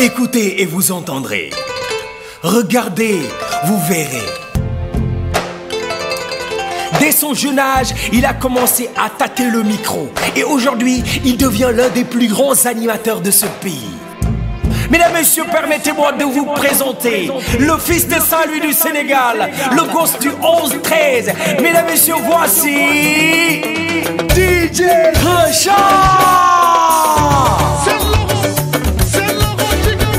Écoutez et vous entendrez. Regardez, vous verrez. Dès son jeune âge, il a commencé à tâter le micro. Et aujourd'hui, il devient l'un des plus grands animateurs de ce pays. Mesdames, Messieurs, permettez-moi de vous présenter le fils de Saint-Louis du Sénégal, le du Mesdames, Messieurs, voici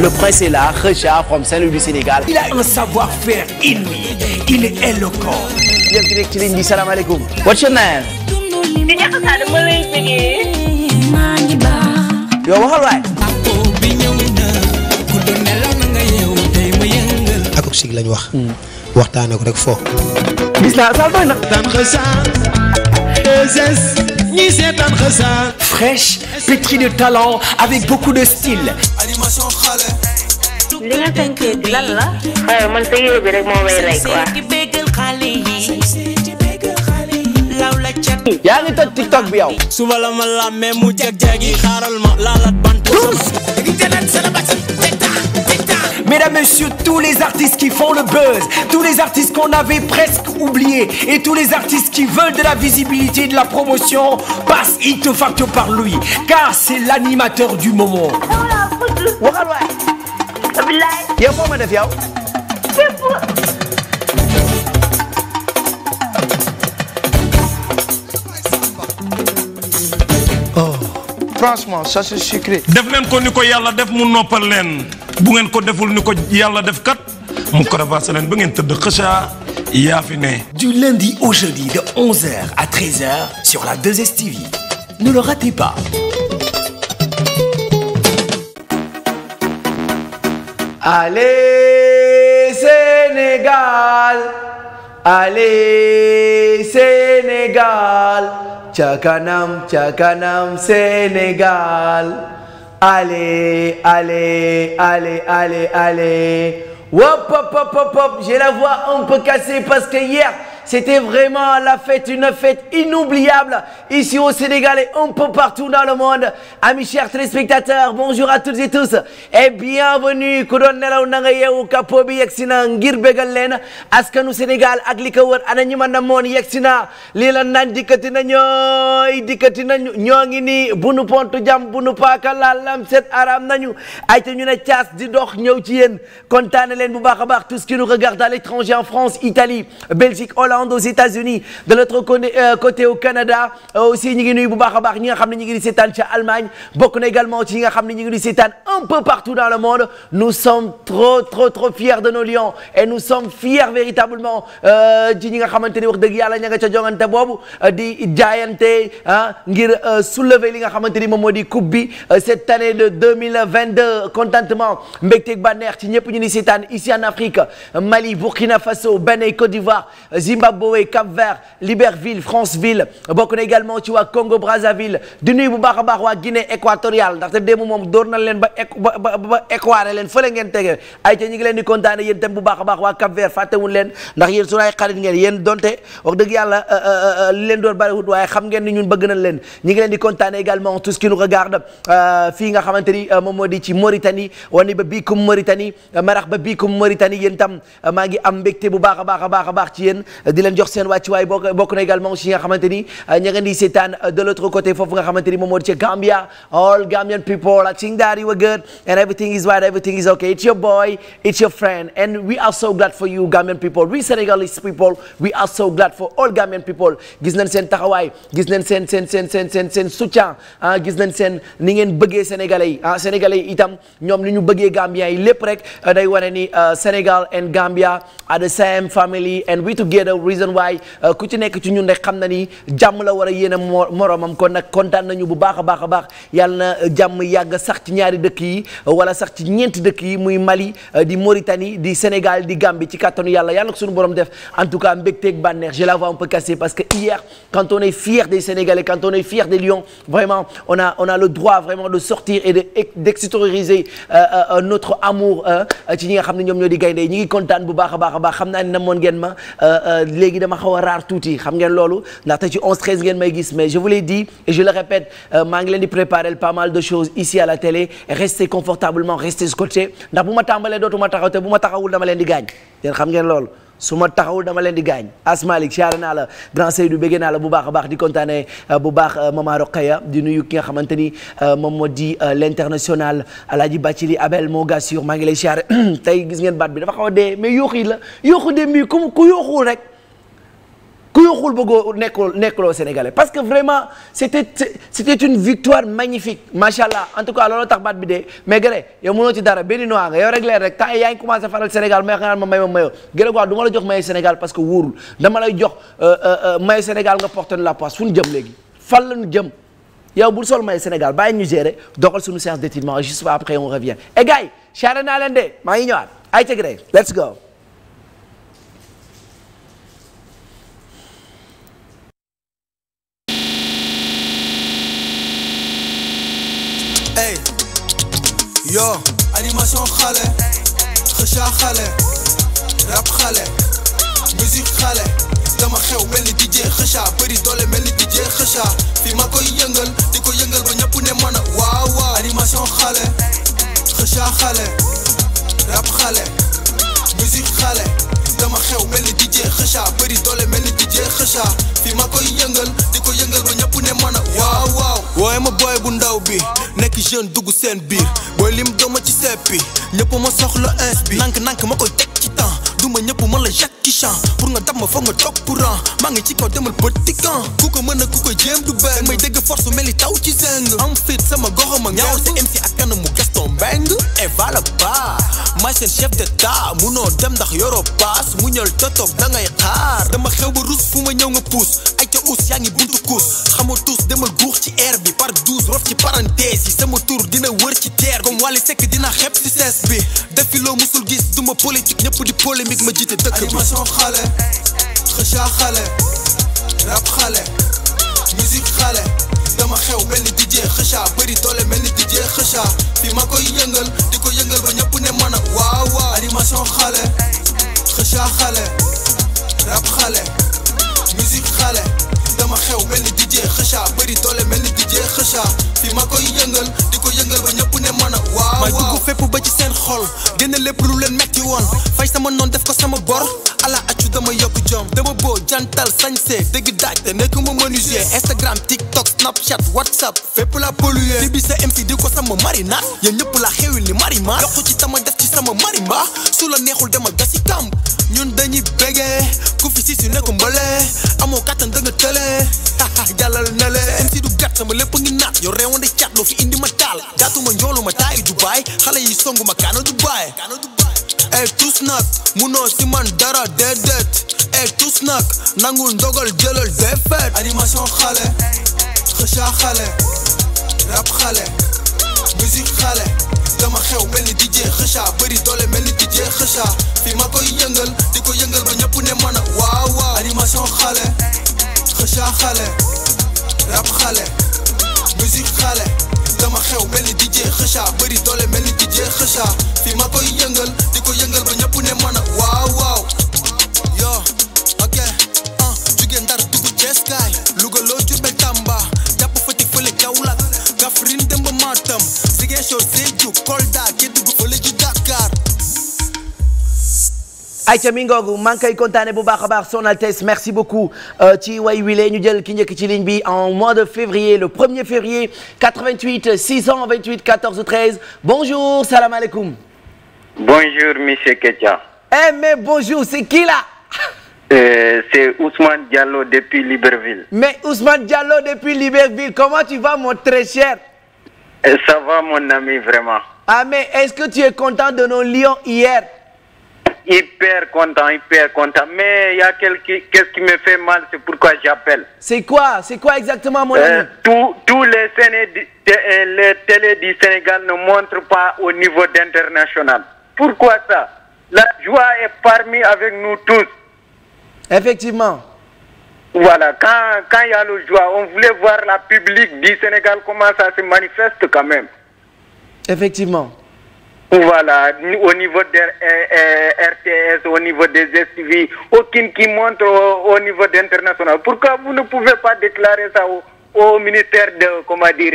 Le prince est là, Richard from du Sénégal. Il a un savoir-faire inouï. Il est éloquent. Yéen ki nekk ci ligne bi salaamaaleykum. What's your name? Yow waxal waay. Ak sig lañ wax. Waxtaane ko rek fo. Gis naa sal doy na. Tan xasaar. E ñi seetaan xasaar. fraîche pétrie de talent avec beaucoup de style. li nga tënkee bi lan la. xëy ah, man sa yére bi rek moo may rey quoi. yaa ngi toj tiktok bi yow. suba la ma la mais mu jag jagi xaaral ma laalat bant. Mesdames, Messieurs, tous les artistes qui font le buzz, tous les artistes qu'on avait presque oubliés et tous les artistes qui veulent de la visibilité et de la promotion passent ipte facto par lui, car c'est l'animateur du moment. waxal waay. Abdoulaye. yow moo ma def yow. fépp. oh. franchement ça c'est sucré. def leen ko ni ko yàlla def mu noppal leen. bu ngeen ko deful ni ko yàlla def kat mu cravaché leen ba ngeen tëdd xëcaa yaa fi ne. Du lundi au jeudi de 11h à 13h sur la 2STV. Ne le ratez pas. Allez Sénégal Allez Sénégal ca kanam Sénégal Allez, allez, allez, allez, allez. Hop, hop, hop, hop, hop. J'ai la voix un peu cassée parce que hier, C'était vraiment la fête, une fête inoubliable ici au Sénégal et un peu partout dans le monde. Amis chers téléspectateurs, bonjour à toutes et tous et bienvenue ku doon nelaw na nga yeewu kapo bi yegsi na ngir bégal leen askanu Sénégal ak li ko wër ana ñi mën a moon yegsi na lii la naan dikkati na ñooy i nañu ñoo ngi nii bunu pontu jam bunu paaka laal lam set aram nañu ay te ñu ne caas di dox ñëw ci yéen kontaane leen bu baax a baax tous qui nous regardent Nouvelle-Zélande aux États-Unis ñu euh, euh, ngi nuyu bu baax a baax ñi nga xam ne ñu ngi di seetaan ca Allemagne bokk na également ci ñi nga xam ne ñu ngi di seetaan un peu partout dans le monde nous sommes trop trop trop fiers de nos lions euh, ñi nga xamante ni wax dëgg yàlla ña nga ca jongante boobu di jaayante ah ngir soulever li nga xamante ni moom moo di coupe bi cette année de 2022 contentement mbégteeg bànneex ci ñëpp ñu ni seetaan ici en Mali Burkina Faso Bénin Côte d'Ivoire Zimbabwe Cap Vert Libreville Franceville bokk na également ci waa Congo Brazzaville di nuyu bu baax a baax waa Guinée équatoriale ndaxte démb moom door nañ leen ba ba leen fële ngeen tege ay ca ñu ngi leen di tam bu baax a baax waa Cap Vert fàttewuñ leen ndax yéen suñu ay xarit ngeen yéen donte wax dëgg yàlla euh, euh, euh, li leen doon bariwut waaye xam ngeen ni ñun bëgg nañ également tout ce qui nous nga xamante ni moom ci Mauritanie wani ba biikum Mauritanie a a a di leen jox seen wàccuwaay bokk bokk na également aussi nga xamante ni euh, ña ngeen di seetaan euh, de l'autre côté foofu nga xamante ni moom moo di ci Gambia all Gambian people ak sing daari wa good and everything is right everything boy it's your friend and we are so glad for you Gambian people we Senegalese people we are so glad for all Gambian people gis nañ seen taxawaay gis nañ seen seen seen seen seen seen soutien ah ni ngeen bëggee Sénégalais yi ah Sénégalais yi ñoom ni ñu bëggee Gambien yi lépp rek euh, day wane ni Sénégal and Gambia are the same family and we together reason why euh, ku ci nekk ci ñun rek xam na ni jàmm la war a yéene moroomam kon na kontaan nañu bu baax a baax a baax yàlla na euh, jàmm yàgg sax ci ñaari dëkk yi euh, wala sax ci ñeenti dëkk yi muy Mali di Mauritanie di Sénégal di Gambie ci kàttanu yàlla yàlla ko suñu borom def en tout cas mbégteeg bànneex je la vois un peu cassée parce que hier quand fier des Sénégalais quand fier des Lions vraiment on a on a le droit vraiment de sortir et de d'extérioriser notre amour ci ñi nga xam ne ñoom ñoo di gaynde kontaan bu baax a baax a xam naa ne namoon ngeen léegi dama xaw a raar tuuti xam ngeen loolu ndaxte ci 11 13 ngeen may gis mais je vous l'ai dit je le répète euh, maa leen di préparer pas mal de choses ici à la télé restez confortablement restez scotché ndax bu ma tàmbalee dootuma taxaw te bu ma taxawul dama leen di gaañ yéen xam ngeen loolu su ma taxawul dama leen di gaañ asmalik siyaare naa la grand Seydou bëggee naa la bu baax a baax di kontaane euh, bu baax euh, maman Rokhaya di nuyu ki nga xamante ni moom moo di l'international Alaaji Bacili Abel moo gas maa ngi lay siyaare tey gis ngeen baat bi a dee mais la yooxu dem bi ku ku yuxul bëggoo nekkuloo nekkuloo sénégalais parce que vraiment c'était c'était une victoire magnifique macha allah en tout cas looloo tax baat bi dee mais Gré yow mënoo ci dara benn noa nga yow rek leer rek temps yaa ngi commencé faral Sénégal may xanaan ma may ma mayoo Gré quoi du ma la jox mayo Sénégal parce que wóorul dama lay jox euh, euh, euh, mayo Sénégal nga porté la poisse fu ñu jëm léegi fan la ñu jëm yow bul sol mayo Sénégal bàyyi ñu gérer doxal suñu séance d'étirement juste après on revient et gars yi de maa ngi ñëwaat ay ca Gré let's go yo animation xale xëcca xale rap xale musique xale dama xew mel ni DJ xëcca bëri doole mel ni DJ xëcca fi ma koy yëngal di ko yëngal ba ñëpp ne mën a waaw waaw xale xëcca xale rap xale musique xale dama xew mel ni DJ xëcca bëri doole mel ni DJ xëcca fi ma koy yëngal wooye ma booy bu ndaw bi nekk jeune dugg seen biir booy lim dooma ci seppi ñëpp ma soxla ins bi nank nank ma ko teg ma ñëpp man la Jackie Chan pour nga dab ma foog nga toog courant maa ngi ci kaw demal petit camp ku ko mën a ku ko jéem du benn may dégg force mel ni taw ci zeng am fit sama gox ma ñaawal sa MC ak kanamu Gaston Mbengue et voilà ba maay seen chef d'état munoo dem ndax yoroo paas mu ñëw totoog da ngay xaar dama xew ba rus ma ñëw nga puus ay ca uus yaa ngi buntu kuus xamoo tuus demal guux ci air bi par douze rof ci parenthèse yi sama tur dina wër ci terre comme Wally Seck dina xeeb ci sees bi defi ma jiite dëkk bi animation xale xëcca xale rap xale musique xale dama xew mel ni DJ xëcca bëri doole mel ni DJ xëcca fi ma koy yëngal di ko yëngal ba ñëpp ne man ak waaw waaw animation xale xëcca xale rap xale musique xale dama xew mel ni DJ xëcca bëri doole mel ni DJ xëcca fi ma koy di ko yëngal ba ñëpp xol génne lépp lu leen metti woon fay sama noon def ko sama bor ala accu dama yokk jom jantal sañse dëgg daajte nekk ma menuisier Instagram TikTok Snapchat WhatsApp fépp la polluer li bi sa MP di ko sama marinade yéen ñëpp la xewil ni marima yokk ci tama def ci sama marimba su la neexul demal gasi kàmb ñun dañuy bégee ku fi si si nekk mbële amoo kattan da nga tële jàllal na le MC du gàtt sama lépp ngi naat yow réewoon de cat loo fi indi ma taal gàttuma njoolu ma taayi Dubaay xale yi songu kaana Dubaay ay eh, tous naat munoo si eeg tous nag nangul ndogal jëlal defet animation xale xëca xale rap xale musique xale dama xew mel ni DJ xëca bëri doole mel ni DJ xëca fi ma koy yëngal di ko yëngal ba ñëpp ne mën a xale xëca xale rap xale musique xale dama xew mel ni DJ xëca bëri doole mel ni DJ xëca fi ma koy yëngal di ko yëngal ba ñëpp ne ayca mi ngoogu maa bu baax a baax son altesse merci beaucoup euh, ci ñu jël ki njëkk ci ligne bi en mois de février le 1er février 88 628 14 13 bonjour salaamaaleykum. bonjour monsieur Ketia. eh mais bonjour c'est qui là. Euh, c'est Mais Ousmane Diallo depuis Libreville, comment tu euh, vraiment. Ah mais est-ce que tu hyper content, hyper content. Mais y a quelque, qu'est-ce qui me fait mal, c'est pourquoi j'appelle. C'est quoi C'est quoi exactement, mon euh, ami Tous les, Séné, euh, les télés du Sénégal ne montrent pas au niveau d'international. Pourquoi ça La joie est parmi avec nous tous. Effectivement. Voilà, quand quand y a le joie, on voulait voir la public du Sénégal comment ça se manifeste quand Effectivement. Voilà, au niveau des eh, eh, RTS, au niveau des STV, aucune qui montre au, niveau d'international. Pourquoi vous ne pouvez pas déclarer ça au, ministère de, comment dire,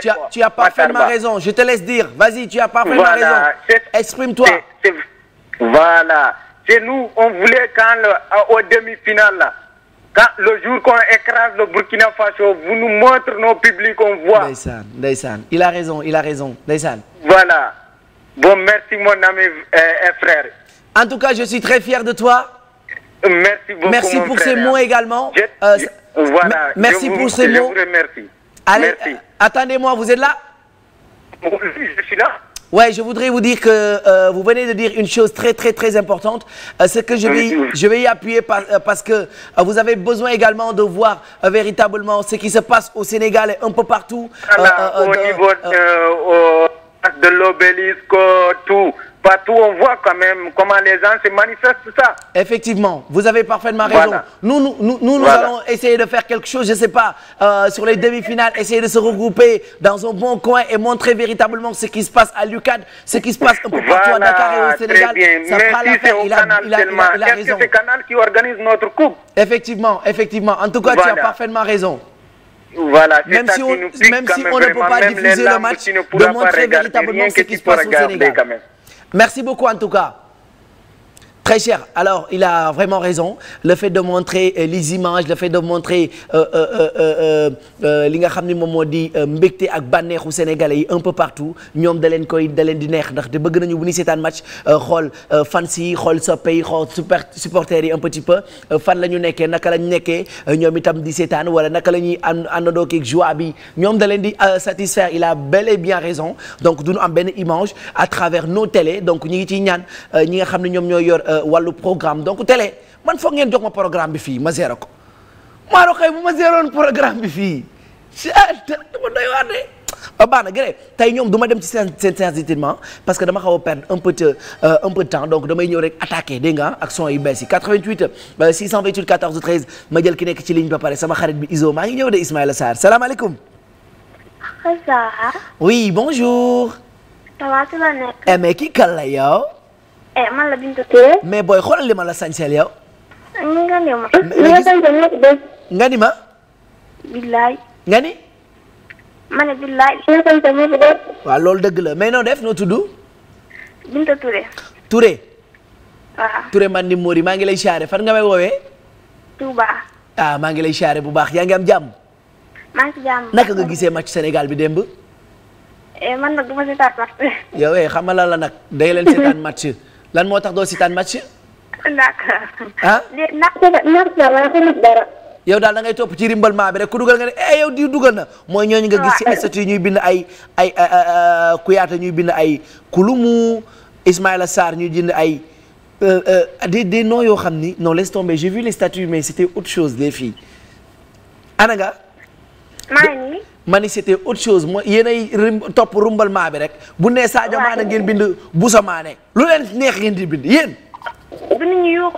tu as, tu as, parfaitement raison, je te laisse dire. Vas-y, tu as parfaitement voilà. raison. Exprime-toi. Voilà, c'est nous, on voulait quand au demi-finale, quand le jour qu'on écrase le Burkina Faso, vous nous montrez nos publics, on voit. Ndeysaan, a raison, il a raison, Voilà. Bon, merci mon ami euh, et frère. En tout cas, je suis très fier de toi. Merci beaucoup Merci mon pour frère. ces également. Je, euh, voilà, merci je vous, pour ces euh, attendez-moi, vous êtes là? je voudrais vous dire que euh, vous venez de dire une chose très très très importante, euh, que je vais je y appuyer parce que vous avez besoin également de voir véritablement ce qui se passe au Sénégal et un peu partout. au niveau au de l'obélisque, euh, tout. Partout, on voit quand même comment les gens se manifestent ça. Effectivement, vous avez parfaitement raison. Voilà. Nous, nous, nous, nous voilà. allons essayer de faire quelque chose, je sais pas, euh, sur les demi-finales, essayer de se regrouper dans un bon coin et montrer véritablement ce qui se passe à l'UCAD, ce qui se passe un peu partout voilà, et au Sénégal. Canal qui organise notre coupe. Effectivement, En tout cas, tu parfaitement raison. Voilà, même si on, même si même on de montrer véritablement ce qui se passe au Sénégal. Merci beaucoup Très cher. Alors, il a vraiment raison. Le fait de montrer euh, les images, le euh, euh, euh, li nga xam ni moom moo di mbégte ak banneexu sénégalais yi un peu partout ñoom da leen koy da leen di neex ndax te bëgg nañu bu ñu seetaan match xool fans yi xool soppe yi xool super yi un petit peu fan la ñu nekkee naka la ñu nekkee ñoom itam di sétan wala naka la ñuy àndandoo ak joie bi ñoom da leen di satisfaire il a bel et bien raison donc du ñu am benn image à travers nos télé donc ñu ngi ciy ñaan ñi nga xam ne ñoom ñooy yor. wàllu programme donc télé man foog ngeen jox ma programme bi fii ma zéro ko maaro xëy bu ma zéroon programme bi fii ah dama doy waar de ba ah, baax na gëré tey du ma dem ci seen seen séance d'étirement parce que dama xaw a perdre un peu de euh, un peu de temps donc damay ñëw rek attaqué dégg nga ak son yu bees yi 88 628 14 13 ma jël ki nekk ci ligne ba pare sama xarit bi Iso maa ngi ñëw de Ismaïla Sarr salaamaaleykum. ça va. oui bonjour. ça va tu eh man la Bintu mais booy xoolal li ma la sañseel yow. nga ni ma. nga ni ma. billaay. nga loolu dëgg la mais noo def noo tudd. Bintu Touré. Touré. ture Touré man ni Mori maa ngi lay siyaare fan nga may woowee. Touba. ah maa ngi lay siyaare bu baax yaa ngi am jàmm. maa ngi ci jàmm. naka nga gisee match Sénégal bi démb. Eh, man nag du ma seetaan match. yow eh xamalala nag day leen match. lan moo tax si seetaan match. d'accord. ah léegi naxtu yow daal da ngay topp ci rimbalement bi rek ku dugal nga ne eh yow di dugal na mooy ñooñu nga gis ci statut yi ñuy bind ay ay kuyaata ñuy bind ay kulumu Ismaïla Sarr ñuy bind ay euh, euh, des des noms yoo xam ni non laisse tomber vu les statuts mais c'était autre chose les filles ana ma ni c'était autre chose mooy yéenay topp rumbalmaa bi rek bu nee Sadio Mané ngeen bind Boussa Mané lu leen neex ngeen di bind yéen. dinañu yokk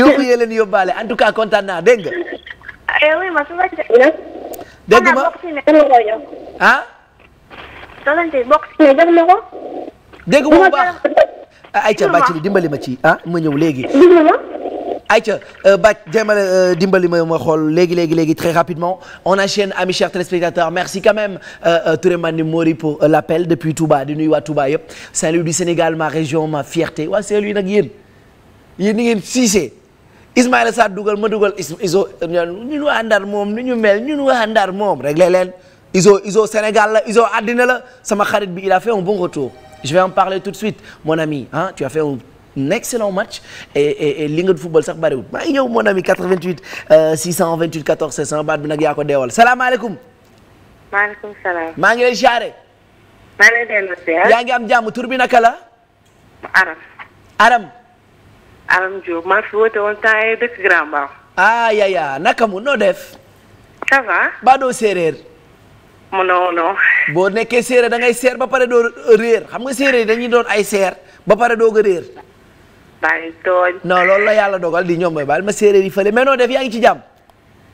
yokk yee leen yóbbaale en tout cas kontaan naa dégg nga. Eh oui ma su ma ah? dégg ma ah. solante ma ko. dégg ma bu baax. ayca dimbali ma ci ah ma ñëw léegi. Aïcha euh, Bac jéemale euh, dimbali ma ma xool léegi léegi léegi très rapidement on enchaîne amis chers téléspectateurs merci quand même euh, Touré Mandi Mori pour l'appel depuis Touba di nuyu waa Touba yëpp Saint-Louis du Sénégal ma région ma fierté wa Saint-Louis nag yéen yéen ni ngeen siisee Ismaïla sa dougal ma dugal iso ñun waa Ndar moom nu ñu mel ñun waa Ndar moom réglé iso Sénégal la iso àddina la sama xarit bi il a fait un bon retour je vais en parler tout de suite mon ami tu as fait un un excellent match et et li nga football sax bariwul maa ngi ñëw mon ami 88 628 14 700 baat bi nag yaa ko deewal salaamaaleykum. maaleykum salaam. maa ngi lay jaare. maa ngi lay delloo ziar. yaa ngi am jàmm tur bi Aram. Aram. Aram maa fi woote woon temps yii dëkk Grand Mbao. ah yaya naka mu noo def. ba doo séeréer. boo nekkee séeréer da ngay seer ba pare doo réer xam nga séeréer dañuy doon ay seer ba pare doog a réer. maa ngi non loolu la yàlla dogal di ñoom mooy baal ma séeréer yi fële mais non def yaa ngi ci jàmm.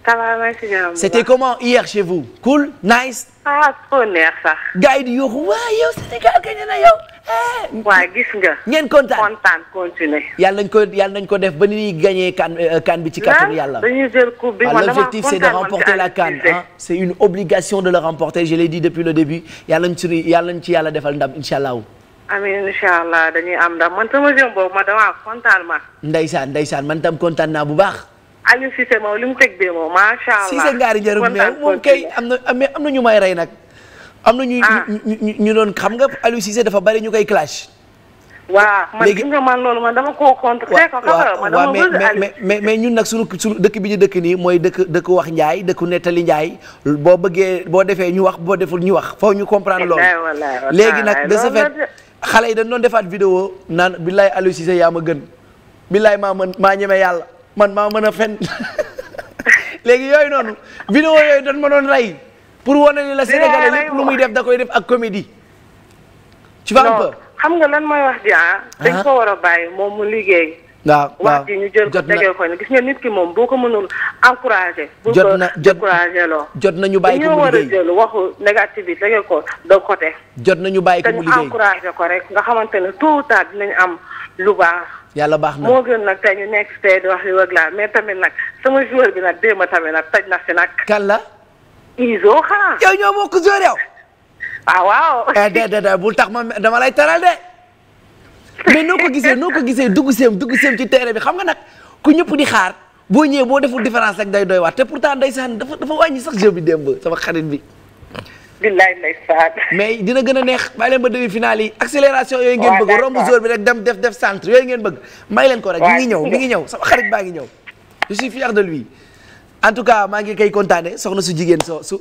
ça va maa ngi ci jàmm. c'était comment hier chez vous. cool nice. ah trop neex sax. gars yi di yokku na yow. waa eh! gis nga. ngeen kontaan kontaan continuer. yàlla nañ ko yàlla nañ ko def ba ni ñuy gagné kan euh, kan bi ci kàttanu yàlla. dañuy jël ah, c'est de remporter la CAN c'est une obligation de le remporter je l'ai dit depuis le début yàlla nañ ci yàlla nañ ci yàlla defal ndam incha allah. am incha allah dañuy am ndax man sama jëm boobu ma damaa kontaan ma. Ndeysaan Ndeysaan man tam kontaan naa bu baax. Aliou Cissé li mu teg bee moom macha allah. Cissé ngaari jarul mais moom kay am na na ñu may rey nag. am na ah. ñu ñu ñu doon xam nga Aliou Cissé dafa bari ñu koy clash. waaw man gis nga man loolu man dama koo contre. waaw mais mais mais ñun nag suñu suñu dëkk bi ñu dëkk nii mooy dëkk dëkk wax njaay dëkku nettali njaay boo bëggee boo defee ñu wax boo deful ñu wax foofu ñu comprendre loolu. léegi nag de ce xale yi dañ doon defaat vidéo naan billaay Aliou Cissé yaa ma gën billaay maa mën maa ñeme yàlla man maa mën a fen léegi yooyu noonu vidéo yooyu dañ ma doon rey pour wane ni la Sénégalais lépp muy def da koy def ak comédie tu vois un xam nga lan mooy wax ji ah? ah dañ ko war a bàyyi moom mu liggéey waaw waaw ñu jël gis nga nit ki moom boo ko mënul encouragé. jot na ñu jot nañu bàyyi ko mu liggéey jël waxu négatif bi tegee ko de côté. jot nañu bàyyi ko mu liggéey dañu encouragé ko rek nga xamante ne tôt ou tard dinañ am lu baax. yàlla baax na moo gën nag tey ñu nekk tey di wax li wëg laa mais tamit nag sama joueur bi nag démb tamit nag taj na si nag. kan la. Izo xanaa. yow ñoo bokk yow. ah waaw. Eh, déedéet bul tax ma dama lay teral de. mais noo ko gisee noo ko gisee dugg seem dugg seem ci terrain bi xam nga nag ku ñëpp di xaar boo ñëwee boo deful différence rek day doy waar te pourtant ndeysaan dafa dafa wàññi sax jeu bi démb sama xarit bi. billaay ndeysaan. mais dina gën a neex bàyyi leen ba demi finale yi accélération yooyu ngeen bëgg romb zone bi rek dem def def centre yooyu ngeen bëgg. may leen ko rek mi ngi ñëw mi ngi ñëw sama xarit baa ngi ñëw je suis fier de lui. en tout cas maa ngi koy kontaane soxna su jigéen so su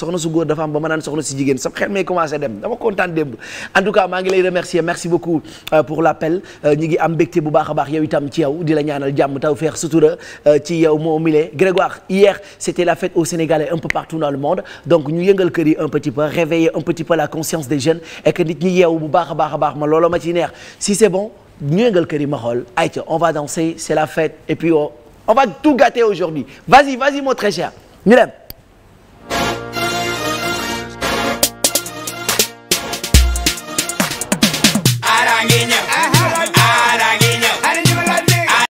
soxna su góor dafa am ba ma naan soxna su jigéen sam xel may commencé dem dama kontaan démb en tout cas maa ngi lay remercier merci beaucoup euh, pour l'appel euh, ñu ngi am mbégte bu baax baax yow itam ci yow di la ñaanal jàmm taw feex sutura euh, ci yow moo mile Grégoire hier c'était la fête au Sénégal et un peu partout dans le monde donc ñu yëngal kër yi un petit peu réveiller un petit peu la conscience des jeunes et que a baax a ma looloo ma ci neex si c'est kër yi ma xool ayca on va danser c'est la fête et on va tout gâter aujourd'hui vas-y vas-y mon très cher ñu dem